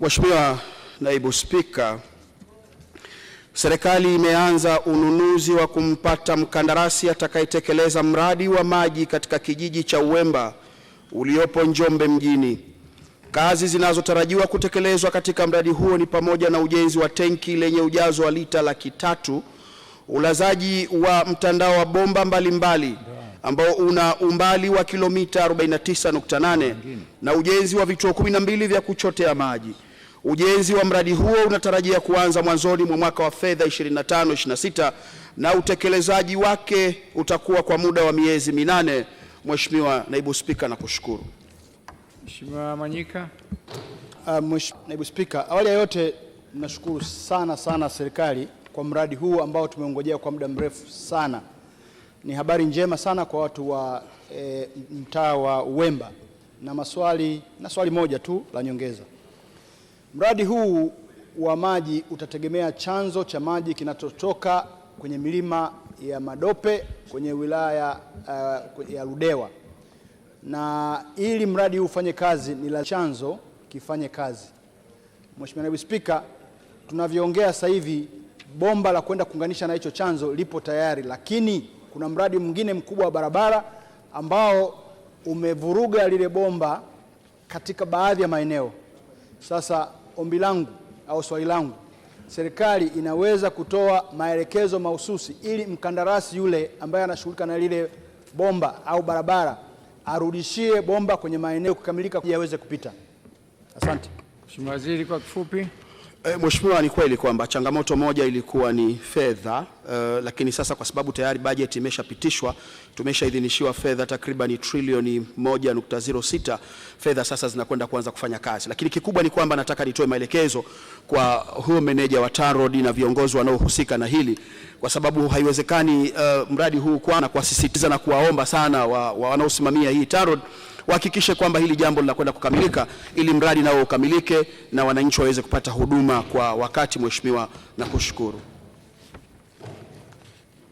Mheshimiwa Naibu Spika, serikali imeanza ununuzi wa kumpata mkandarasi atakayetekeleza mradi wa maji katika kijiji cha Uwemba uliopo Njombe mjini. Kazi zinazotarajiwa kutekelezwa katika mradi huo ni pamoja na ujenzi wa tenki lenye ujazo wa lita laki tatu, ulazaji wa mtandao wa bomba mbalimbali ambao una umbali wa kilomita 49.8 na ujenzi wa vituo 12 vya kuchotea maji. Ujenzi wa mradi huo unatarajia kuanza mwanzoni mwa mwaka wa fedha 25/26 na utekelezaji wake utakuwa kwa muda wa miezi minane. Mheshimiwa Naibu Spika, nakushukuru. Mheshimiwa Manyika. Uh, Naibu Spika, awali ya yote nashukuru sana sana serikali kwa mradi huu ambao tumeongojea kwa muda mrefu sana. Ni habari njema sana kwa watu wa e, mtaa wa Uwemba na maswali na swali moja tu la nyongeza. Mradi huu wa maji utategemea chanzo cha maji kinachotoka kwenye milima ya Madope kwenye wilaya uh, ya Ludewa, na ili mradi huu ufanye kazi ni la chanzo kifanye kazi. Mheshimiwa Naibu Spika, tunavyoongea sasa hivi bomba la kwenda kuunganisha na hicho chanzo lipo tayari, lakini kuna mradi mwingine mkubwa wa barabara ambao umevuruga lile bomba katika baadhi ya maeneo. Sasa ombi langu au swali langu, serikali inaweza kutoa maelekezo mahususi ili mkandarasi yule ambaye anashughulika na lile bomba au barabara arudishie bomba kwenye maeneo kukamilika, yaweze kupita. Asante. Mheshimiwa Waziri, kwa kifupi. E, Mheshimiwa, ni kweli kwamba changamoto moja ilikuwa ni fedha e, lakini sasa kwa sababu tayari bajeti imeshapitishwa, tumeshaidhinishiwa fedha takriban trilioni 1.06, fedha sasa zinakwenda kuanza kufanya kazi. Lakini kikubwa ni kwamba nataka nitoe maelekezo kwa huyo meneja wa TANROADS na viongozi wanaohusika na hili, kwa sababu haiwezekani uh, mradi huu kwa na kuwasisitiza na kuwaomba sana wa, wa wanaosimamia hii TANROADS wahakikishe kwamba hili jambo linakwenda kukamilika, ili mradi nao ukamilike na wananchi waweze kupata huduma kwa wakati. Mheshimiwa, nakushukuru.